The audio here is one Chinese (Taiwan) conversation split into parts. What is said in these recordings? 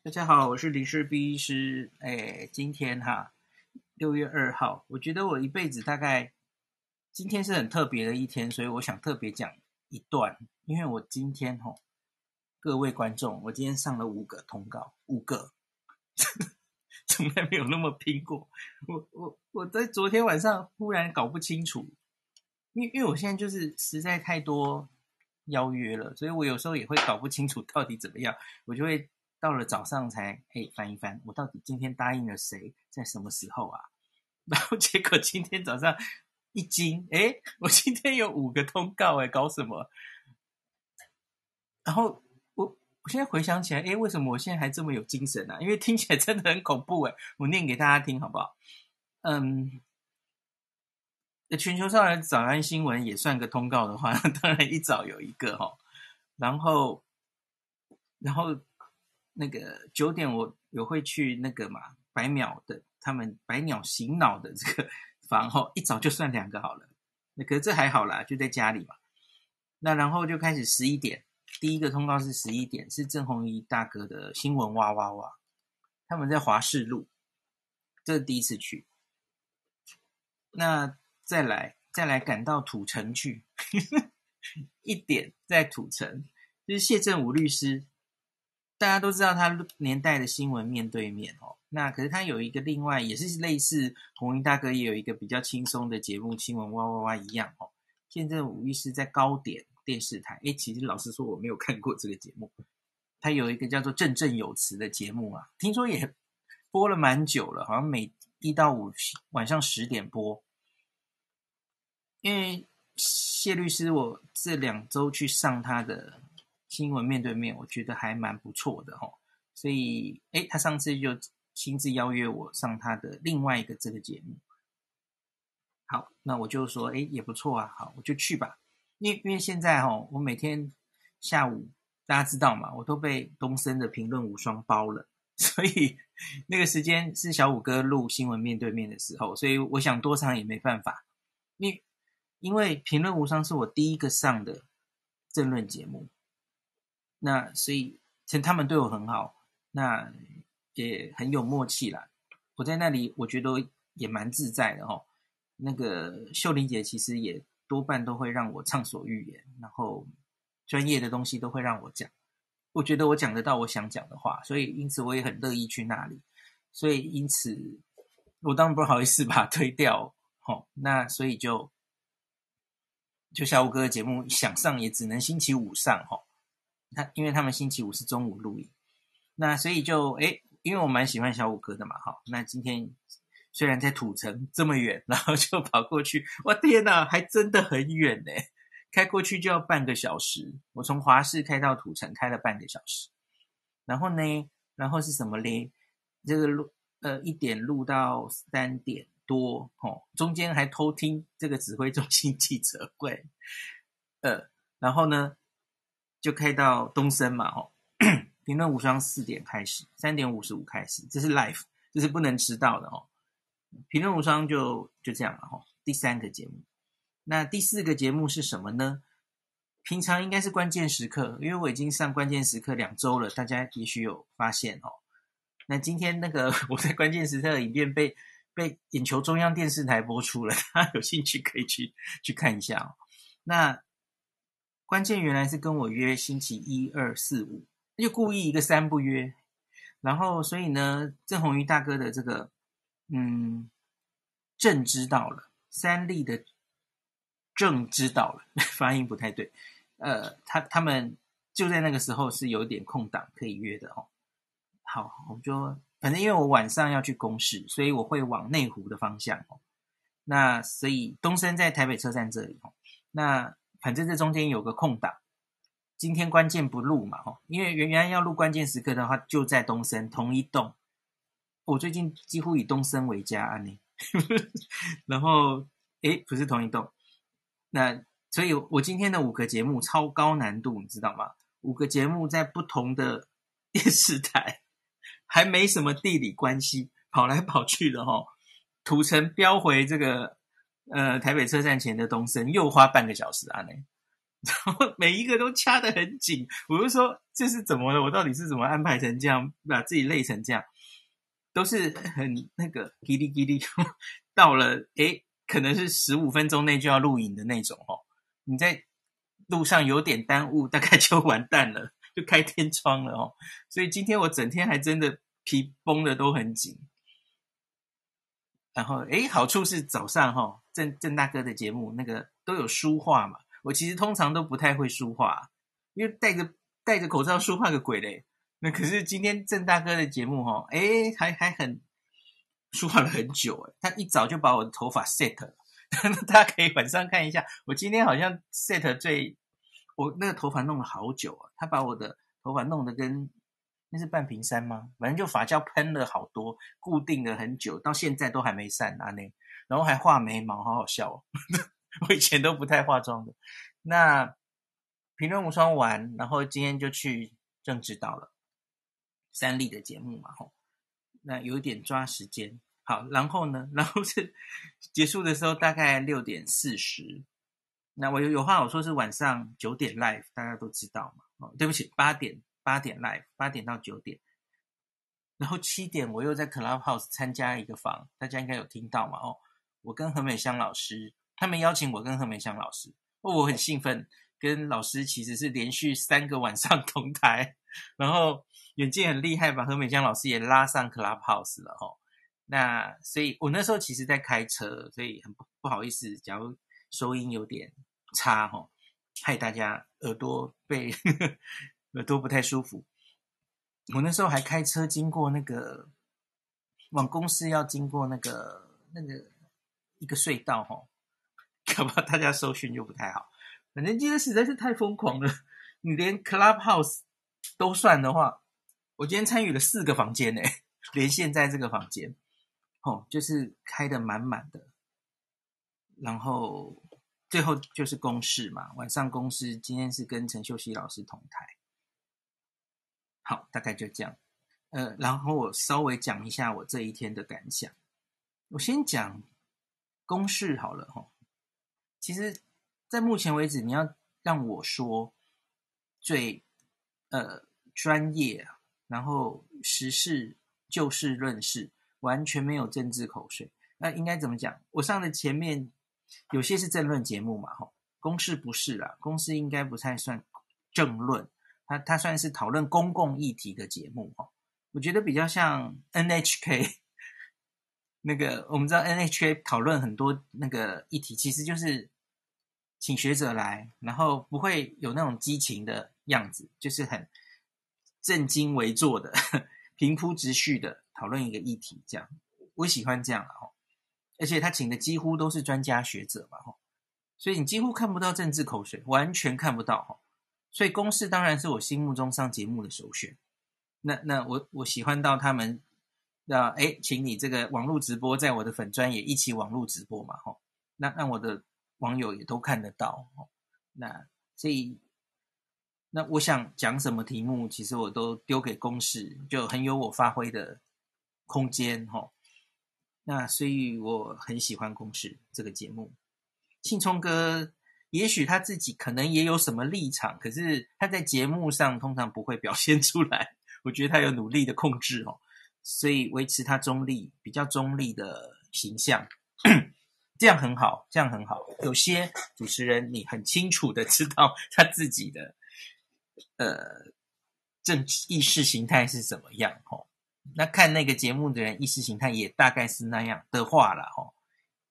大家好，我是林氏璧醫師。哎，今天哈六月二號，我覺得我一輩子大概今天是很特別的一天，所以我想特別講一段。因為我今天哈各位觀眾，我今天上了五個通告，五個 真的，從來沒有那麼拼過。我我我在昨天晚上忽然搞不清楚，因為因為我現在就是實在太多邀約了，所以我有時候也會搞不清楚到底怎麼樣，我就會。到了早上才哎翻一翻，我到底今天答應了誰，在什麼時候啊？然後結果今天早上一驚，哎，我今天有五個通告哎，搞什麼？然後我我現在回想起來，哎，為什麼我現在還這麼有精神呢、啊？因為聽起來真的很恐怖哎，我念給大家聽好不好？嗯，全球上的早安新聞也算個通告的話，當然一早有一個哈、哦，然後，然後。那個九點我有會去那個嘛百鳥的，他們百鳥醒腦的這個房後、哦、一早就算兩個好了。那可是這還好啦，就在家裡嘛。那然後就開始十一點，第一個通告是十一點，是鄭弘儀大哥的新聞哇哇哇，他們在華視錄，這是第一次去。那再來再來趕到土城去， 一點在土城，就是謝震武律師。大家都知道他年代的新聞面對面哦，那可是他有一個另外也是類似弘儀大哥也有一個比較輕鬆的節目《新聞哇哇哇》一樣哦。現在武律師在高點電視台，誒、欸、其實老實說我沒有看過這個節目，他有一個叫做《震震有詞》的節目啊，聽說也播了蠻久了，好像每一到五晚上十點播。因為謝律師，我這兩周去上他的。新聞面對面，我覺得還蠻不錯的哦。所以，哎、欸，他上次就親自邀約我上他的另外一個這個節目。好，那我就說，哎、欸，也不錯啊。好，我就去吧。因為，因為現在哈，我每天下午大家知道嘛，我都被東森的平論無雙包了，所以那個時間是小五哥錄新聞面對面的時候，所以我想多上也沒辦法。因為因為平論無雙是我第一個上的政論節目。那所以，其實他們對我很好，那也很有默契啦。我在那裡，我覺得也蠻自在的哈。那個秀琳姐其實也多半都會讓我暢所欲言，然後專業的東西都會讓我講。我覺得我講得到我想講的話，所以因此我也很樂意去那裡。所以因此，我當然不好意思把它推掉。吼，那所以就就小武哥的節目想上也只能星期五上吼。他因為他們星期五是中午錄影，那所以就哎，因為我蠻喜歡小武哥的嘛，哈。那今天雖然在土城這麼遠，然後就跑過去，我天吶，還真的很遠呢，開過去就要半個小時。我從華視開到土城開了半個小時，然後呢，然後是什麼嘞？這個錄呃一點錄到三點多，哦，中間還偷聽這個指揮中心記者會，呃，然後呢？就開到東森嘛，哦，平論無雙四點開始，三點五十五開始，這是 live，這是不能遲到的哦。平論無雙就就這樣了，哦，第三個節目，那第四個節目是什麼呢？平常應該是關鍵時刻，因為我已經上關鍵時刻兩週了，大家也許有發現哦。那今天那個我在關鍵時刻的影片被被眼球中央電視台播出了，大家有興趣可以去去看一下哦。那。關鍵原來是跟我約星期一、二、四、五，又故意一個三不約。然後，所以呢，鄭弘儀大哥的這個，嗯，鄭知道了，三立的鄭知道了，發音不太對。呃，他他們就在那個時候是有點空檔可以約的哦。好，我就反正因為我晚上要去公視，所以我會往內湖的方向哦。那所以東森在台北車站這裡哦，那。反正這中間有個空檔，今天關鍵不錄嘛，吼，因為原原來要錄關鍵時刻的話就在東森同一棟，我最近幾乎以東森為家啊你，然後哎，不是同一棟，那所以我今天的五個節目超高難度，你知道嗎？五個節目在不同的電視台，還沒什麼地理關係，跑來跑去的哈，土城飆回這個。呃，台北車站前的東升又花半個小時啊，內、嗯，然後每一個都掐得很緊，我就說這是怎麼了？我到底是怎麼安排成這樣，把自己累成這樣，都是很那個嘰哩嘰哩，到了哎，可能是十五分鐘內就要錄影的那種哦。你在路上有點耽誤，大概就完蛋了，就開天窗了哦。所以今天我整天還真的皮繃得都很緊，然後哎，好處是早上哈、哦。鄭鄭大哥的節目那個都有梳化嘛？我其實通常都不太會梳化，因為戴着戴着口罩梳化個鬼嘞。那可是今天鄭大哥的節目哈、哦，哎，還還很梳化了很久，他一早就把我的頭髮 set 了，大家可以晚上看一下。我今天好像 set 最我那個頭髮弄了好久啊。他把我的頭髮弄得跟那是半屏山嗎？反正就髮膠噴了好多，固定了很久，到現在都還沒散啊那。然後還畫眉毛，好好笑哦！ 我以前都不太化妝的。那平論無雙完，然後今天就去鄭知道了三立的節目嘛，吼、哦。那有點抓時間，好。然後呢，然後是結束的時候大概六點四十。那我有有話好說是晚上九點 live，大家都知道嘛。哦，對不起，八點八點 live，八點到九點。然後七點我又在 Clubhouse 參加一個房，大家應該有聽到嘛，哦。我跟何美香老師，他們邀請我跟何美香老師，哦，我很興奮，跟老師其實是連續三個晚上同台，然後遠近很厲害，把何美香老師也拉上 Clubhouse 了吼。那所以，我那時候其實在開車，所以很不好意思，假如，收音有點差吼，害大家耳朵被呵呵耳朵不太舒服。我那時候還開車經過那個，往公司要經過那個那個。一個隧道哈、哦，搞不好大家收訊就不太好。反正今天實在是太瘋狂了，你連 Clubhouse 都算的話，我今天參與了四個房間呢，連現在這個房間，哦，就是開得滿滿的。然後最後就是公視嘛，晚上公視今天是跟陳秀熙老師同台。好，大概就這樣、呃。然後我稍微講一下我這一天的感想。我先講。公視好了哈，其實，在目前為止，你要讓我說最呃專業、然後時事、就事論事，完全沒有政治口水，那應該怎麼講？我上的前面有些是政論節目嘛，哈，公視不是啦，公視應該不太算政論，它、它算是討論公共議題的節目哈，我覺得比較像 NHK，那個我們知道 NHA 討論很多那個議題，其實就是請學者來，然後不會有那種激情的樣子，就是很正襟危坐的、平鋪直敘的討論一個議題這樣。我喜歡這樣哈，而且他請的幾乎都是專家學者嘛哈，所以你幾乎看不到政治口水，完全看不到哈。所以公視當然是我心目中上節目的首選。那那我我喜歡到他們。那誒，請你這個網絡直播，在我的粉專也一起網絡直播嘛，吼，那讓我的網友也都看得到，那所以那我想講什麼題目，其實我都丟給公視，就很有我發揮的空間，吼，那所以我很喜歡公視這個節目。信聰哥，也許他自己可能也有什麼立場，可是他在節目上通常不會表現出來，我覺得他有努力的控制，吼。所以維持他中立，比較中立的形象， 這樣很好，這樣很好。有些主持人你很清楚的知道他自己的，呃，政治意識形態是怎麼樣，哦。那看那個節目的人意識形態也大概是那樣的話了，哦。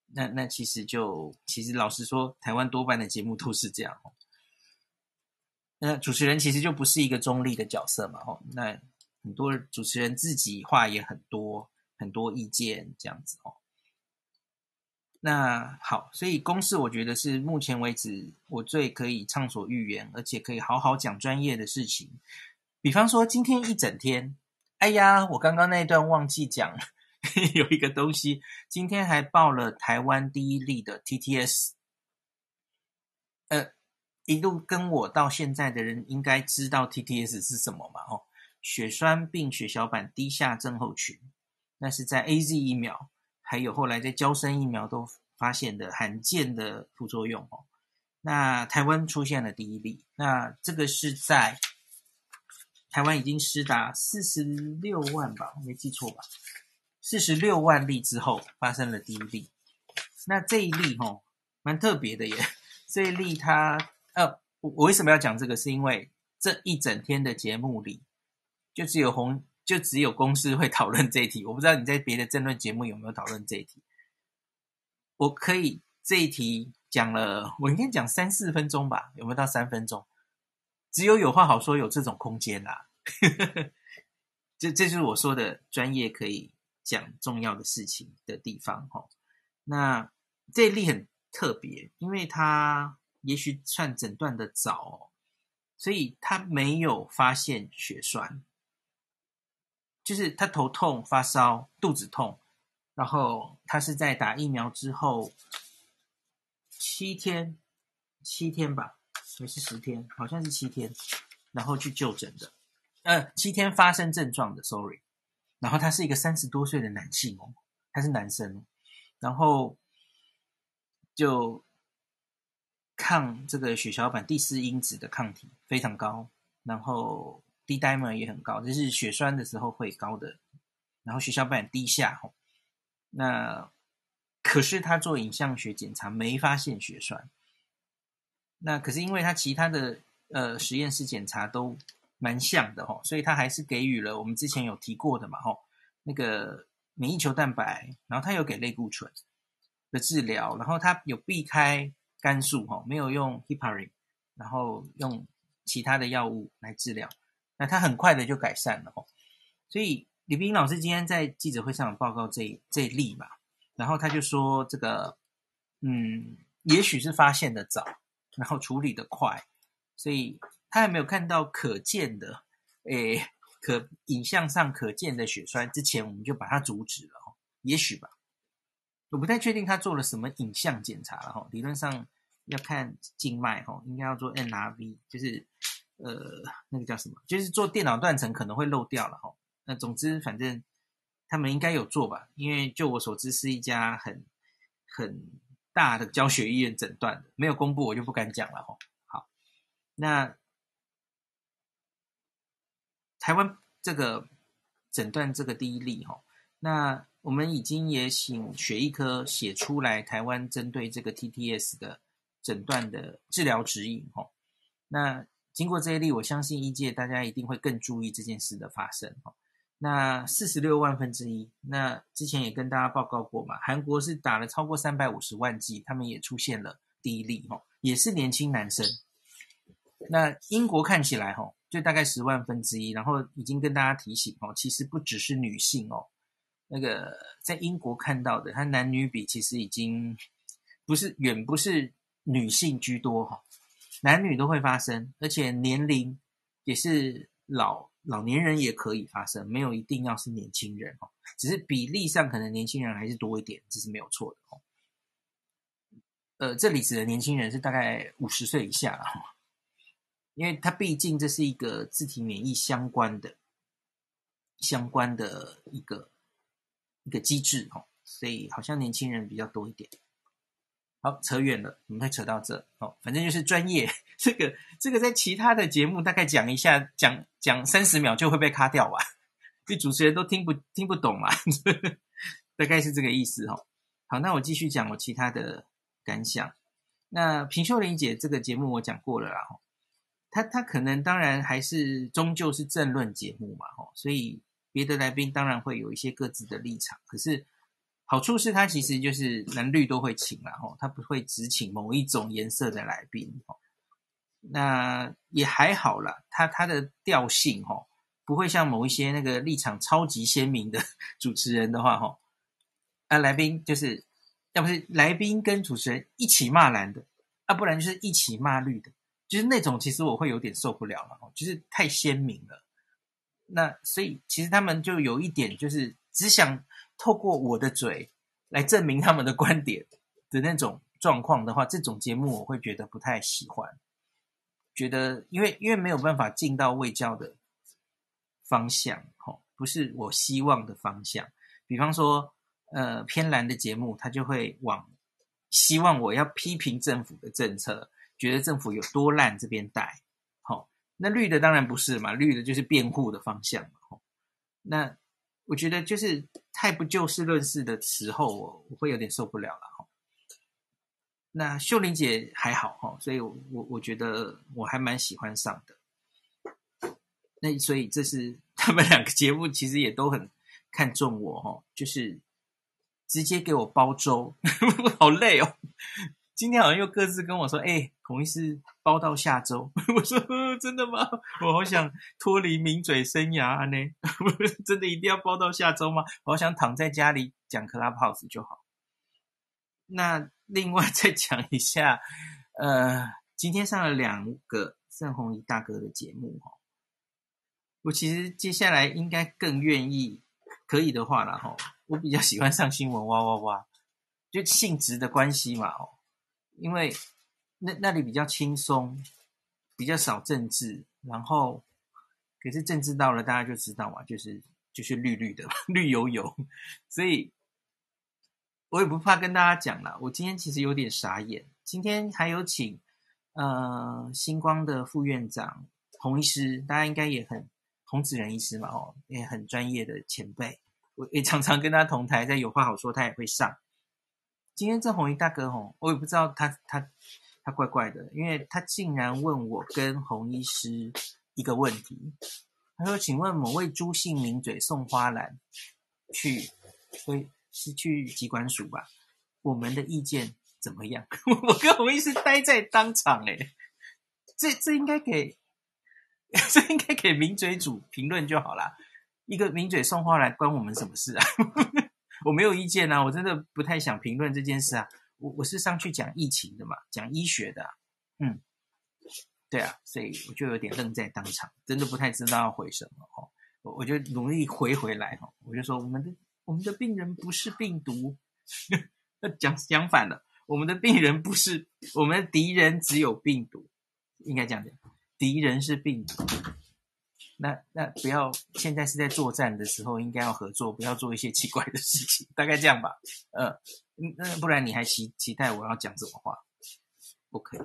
那那其實就其實老實說，台灣多半的節目都是這樣，哦。那主持人其實就不是一個中立的角色嘛，哦，那很多主持人自己話也很多，很多意見這樣子哦。那好，所以公視我覺得是目前為止我最可以暢所欲言，而且可以好好講專業的事情。比方說今天一整天，哎呀，我剛剛那段忘記講有一個東西。今天還報了台灣第一例的 TTS。呃，一路跟我到現在的人應該知道 TTS 是什麼嘛？哦。血栓併、血小板低下症候群，那是在 AZ 疫苗，還有後來在嬌生疫苗都發現的罕見的副作用哦。那台灣出現了第一例，那這個是在台灣已經施打四十六萬吧，沒記錯吧？四十六萬例之後發生了第一例。那這一例哈，蠻特別的耶。這一例它，呃、啊，我我為什麼要講這個？是因為這一整天的節目裡。就只有紅，就只有公司會討論這一題。我不知道你在別的政論節目有沒有討論這一題。我可以這一題講了，我應該講三四分鐘吧，有沒有到三分鐘？只有有話好說，有這種空間啦、啊。 就這就是我說的專業可以講重要的事情的地方哈。那這一例很特別，因為他也許算診斷的早，所以他沒有發現血栓。就是他頭痛、發燒、肚子痛，然後他是在打疫苗之後七天、七天吧，還是十天，好像是七天，然後去就診的。呃，七天發生症狀的，sorry。然後他是一個三十多歲的男性哦，他是男生，然後就抗這個血小板第四因子的抗體非常高，然後。D-dimer 也很高，就是血栓的時候會高的，然後血小板低下哈。那可是他做影像學檢查沒發現血栓，那可是因為他其他的呃實驗室檢查都蠻像的哈，所以他還是給予了我們之前有提過的嘛哈，那個免疫球蛋白，然後他有給類固醇的治療，然後他有避開肝素哈，沒有用 heparin，然後用其他的藥物來治療。那他很快的就改善了，哦。所以李冰老師今天在記者會上有報告這一這一例嘛，然後他就說這個，嗯，也許是發現得早，然後處理得快，所以他還沒有看到可見的，誒、欸，可影像上可見的血栓之前我們就把它阻止了，哦。也許吧，我不太確定他做了什麼影像檢查了，哦，了哈理論上要看靜脈，哈，應該要做 MRV，就是。呃，那個叫什麼？就是做電腦斷層可能會漏掉了吼、哦。那總之，反正他們應該有做吧，因為就我所知，是一家很很大的教學醫院診斷，沒有公布我就不敢講了吼、哦。好，那台灣這個診斷這個第一例吼、哦，那我們已經也請血液科寫出來台灣針對這個 TTS 的診斷的治療指引吼、哦，那。經過這一例，我相信醫界大家一定會更注意這件事的發生哈、哦。那四十六萬分之一，那之前也跟大家報告過嘛，韓國是打了超過三百五十萬劑，他們也出現了第一例哈、哦，也是年輕男生。那英國看起來哈、哦，就大概十萬分之一，然後已經跟大家提醒哦，其實不只是女性哦，那個在英國看到的，他男女比其實已經不是遠不是女性居多哈、哦。男女都會發生，而且年齡也是老老年人也可以發生，沒有一定要是年輕人哦。只是比例上可能年輕人還是多一點，這是沒有錯的哦。呃，這裡指的年輕人是大概五十歲以下，因為他畢竟這是一個自體免疫相關的，相關的一個一個機制哦，所以好像年輕人比較多一點。好，扯遠了，我們才扯到這哦。反正就是專業，這個這個在其他的節目大概講一下，講講三十秒就會被卡掉吧，這主持人都聽不聽不懂嘛呵呵，大概是這個意思哦。好，那我繼續講我其他的感想。那平秀琳姐這個節目我講過了啦，她她可能當然還是終究是政論節目嘛，吼，所以別的來賓當然會有一些各自的立場，可是好處是它，其實就是藍綠都會請啦、哦，然後它不會只請某一種顏色的來賓、哦，那也還好啦。它它的調性哈、哦，不會像某一些那個立場超級鮮明的主持人的話哈、哦，啊來賓就是，要不是來賓跟主持人一起罵藍的，啊不然就是一起罵綠的，就是那種其實我會有點受不了了，就是太鮮明了。那所以其實他們就有一點就是只想。透過我的嘴來證明他們的觀點的那種狀況的話，這種節目我會覺得不太喜歡，覺得因為因為沒有辦法進到衛教的方向，吼，不是我希望的方向。比方說，呃，偏藍的節目，他就會往希望我要批評政府的政策，覺得政府有多爛這邊帶，吼，那綠的當然不是嘛，綠的就是辯護的方向，吼，那，我覺得就是太不就事論事的時候，我我會有點受不了了，那秀琳姊，還好哈，所以我，我我覺得我還蠻喜歡上的。那所以，這是他們兩個節目其實也都很看重我，就是直接給我煲粥， 好累哦。今天好像又各自跟我說，哎、欸，孔醫師包到下週。 我說，呃，真的嗎？我好想脫離名嘴生涯呢、啊。不 真的一定要包到下週嗎？我好想躺在家裡講 Clubhouse 就好。那另外再講一下，呃，今天上了兩個鄭弘儀大哥的節目哈。我其實接下來應該更願意，可以的話啦。吼，我比較喜歡上新聞哇哇哇，就性質的關係嘛，因為那那裡比較輕鬆，比較少政治，然後可是政治到了，大家就知道嘛、啊，就是就是綠綠的，綠油油，所以我也不怕跟大家講了，我今天其實有點傻眼。今天還有請呃星光的副院長洪醫師，大家應該也很，洪子仁醫師嘛，哦，也很專業的前輩，我也常常跟他同台，在有話好說，他也會上。今天這弘儀大哥吼，我也不知道他他他怪怪的，因為他竟然問我跟洪醫師一個問題。他說：“請問某位朱姓名嘴送花籃去，會是去疾管署吧？我們的意見怎麼樣？” 我跟洪醫師待在當場、欸，哎，這這應該給這應該給名嘴組評論就好啦，一個名嘴送花籃，關我們什麼事啊？ 我沒有意見吶、啊,我真的不太想評論這件事啊。我我是上去講疫情的嘛，講醫學的、啊，嗯，對啊，所以我就有點愣在當場，真的不太知道要回什麼哦。我我就努力回回來哈、哦，我就說我們的我們的病人不是病毒， 講講反了，我們的病人不是，我們的敵人只有病毒，應該這樣講，敵人是病毒。那那不要，現在是在作戰的時候，應該要合作，不要做一些奇怪的事情，大概這樣吧。呃，那不然你還期期待我要講什麼話？不可以。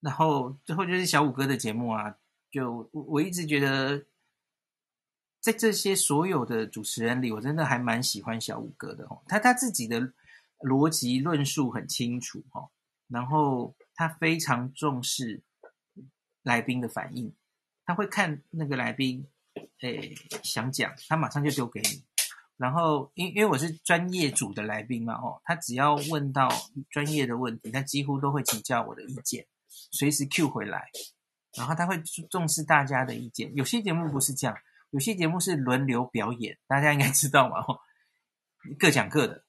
然後最後就是小武哥的節目啊，就我，我一直覺得，在這些所有的主持人裡，我真的還蠻喜歡小武哥的哦。他他自己的邏輯論述很清楚哦，然後他非常重視來賓的反應。他會看那個來賓，誒、欸，想講，他馬上就丟給你。然後，因因為我是專業組的來賓嘛，哦，他只要問到專業的問題，他幾乎都會請教我的意見，隨時 Q 回來。然後他會重視大家的意見。有些節目不是這樣，有些節目是輪流表演，大家應該知道嘛，哦，各講各的，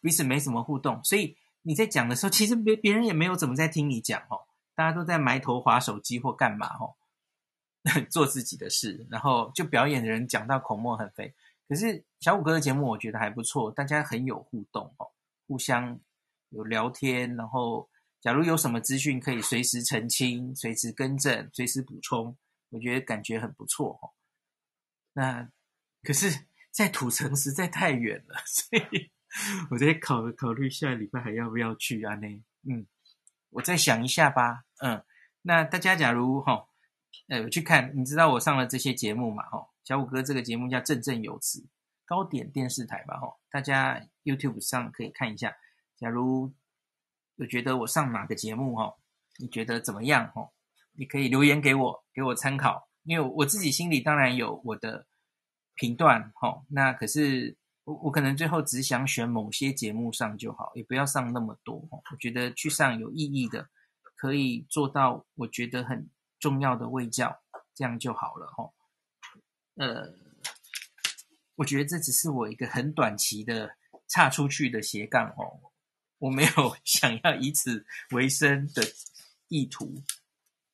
彼此沒什麼互動。所以你在講的時候，其實別別人也沒有怎麼在聽你講，哦，大家都在埋頭滑手機或幹嘛，哦。做自己的事，然後就表演的人講到口沫橫飛。可是小武哥的節目，我覺得還不錯，大家很有互動哦，互相有聊天，然後假如有什麼資訊可以隨時澄清、隨時更正、隨時補充，我覺得感覺很不錯哦。那可是，在土城實在太遠了，所以我在考考慮下禮拜還要不要去啊？呢，嗯，我再想一下吧。嗯，那大家假如哈。哎，欸、我去看，你知道我上了這些節目嘛？吼，小武哥這個節目叫《震震有詞》，高點電視台吧？吼，大家 YouTube 上可以看一下。假如有覺得我上哪個節目，吼，你覺得怎麼樣？吼，你可以留言給我，給我參考。因為我自己心裡當然有我的評斷，吼。那可是我，我可能最後只想選某些節目上就好，也不要上那麼多。我覺得去上有意義的，可以做到，我覺得很。重要的衛教，這樣就好了哦。呃，我覺得這只是我一個很短期的岔出去的斜槓哦。我沒有想要以此為生的意圖。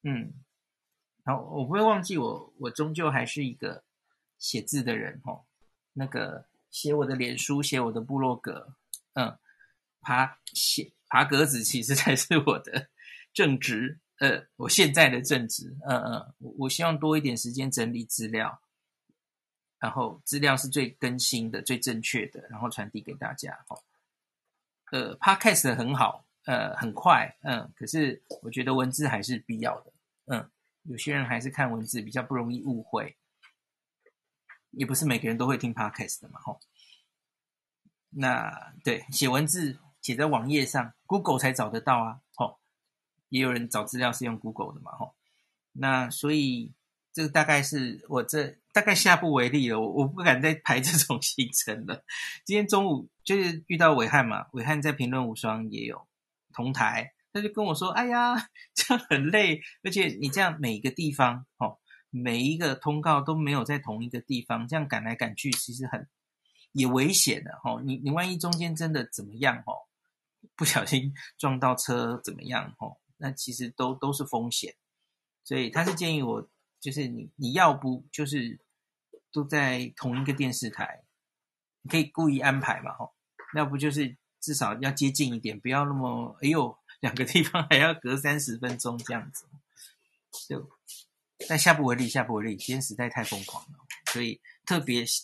嗯，然後我不會忘記我，我終究還是一個寫字的人哦。那個寫我的臉書，寫我的部落格，嗯，爬寫爬格子，其實才是我的正職。呃，我現在的政治，嗯嗯，我我希望多一點時間整理資料，然後資料是最更新的，最正確的，然後傳遞給大家。哦，呃，podcast 很好，呃，很快，嗯，可是我覺得文字還是必要的，嗯，有些人還是看文字比較不容易誤會，也不是每個人都會聽 podcast 的嘛，哈、哦。那對，寫文字寫在網頁上，Google 才找得到啊。也有人找資料是用 Google 的嘛，吼，那所以這個大概是我這大概下不為例了，我我不敢再排這種行程了。今天中午就是遇到暐瀚嘛，暐瀚在平論無雙也有同台，他就跟我說：“哎呀，這樣很累，而且你這樣每一個地方，吼，每一個通告都沒有在同一個地方，這樣趕來趕去，其實很也危險的，吼，你你萬一中間真的怎麼樣，吼，不小心撞到車怎麼樣，吼。”那其實都都是風險，所以他是建議我，就是你你要不就是都在同一個電視台，你可以故意安排嘛吼，要不就是至少要接近一點，不要那麼哎呦，兩個地方還要隔三十分鐘這樣子。就但，下不為例，下不為例，今天實在太瘋狂了，所以特別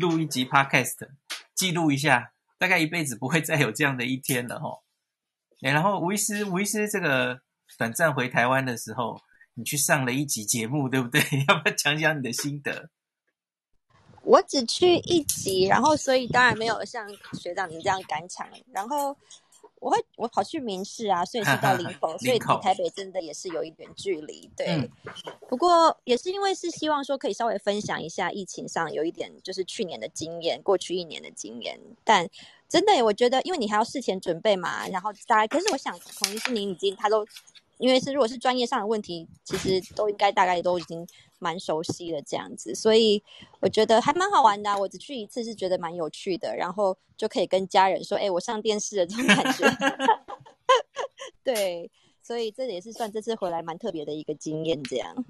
錄一集 Podcast 記錄一下，大概一輩子不會再有這樣的一天了吼。欸，然後吳醫師，吳醫師，這個短暫回台灣的時候，你去上了一集節目，對不對？要不要講講你的心得？我只去一集，然後所以當然沒有像學長您這樣趕場。然後我會我跑去民視啊，所以是到林口，哈哈，所以離台北真的也是有一點距離。對，嗯、不過也是因為是希望說可以稍微分享一下疫情上有一點就是去年的經驗，過去一年的經驗，但。真的耶，我覺得，因為你還要事前準備嘛，然後大家可是我想，可能是你已經他都，因為是如果是專業上的問題，其實都應該大概都已經蠻熟悉了這樣子，所以我覺得還蠻好玩的啊。我只去一次是覺得蠻有趣的，然後就可以跟家人說：“哎，我上電視了。”這種感覺。 對，所以這也是算這次回來蠻特別的一個經驗，這樣。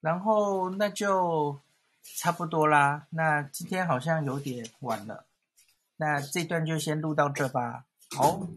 然後，那就。差不多啦，那今天好像有點晚了，那這段就先錄到這吧，好。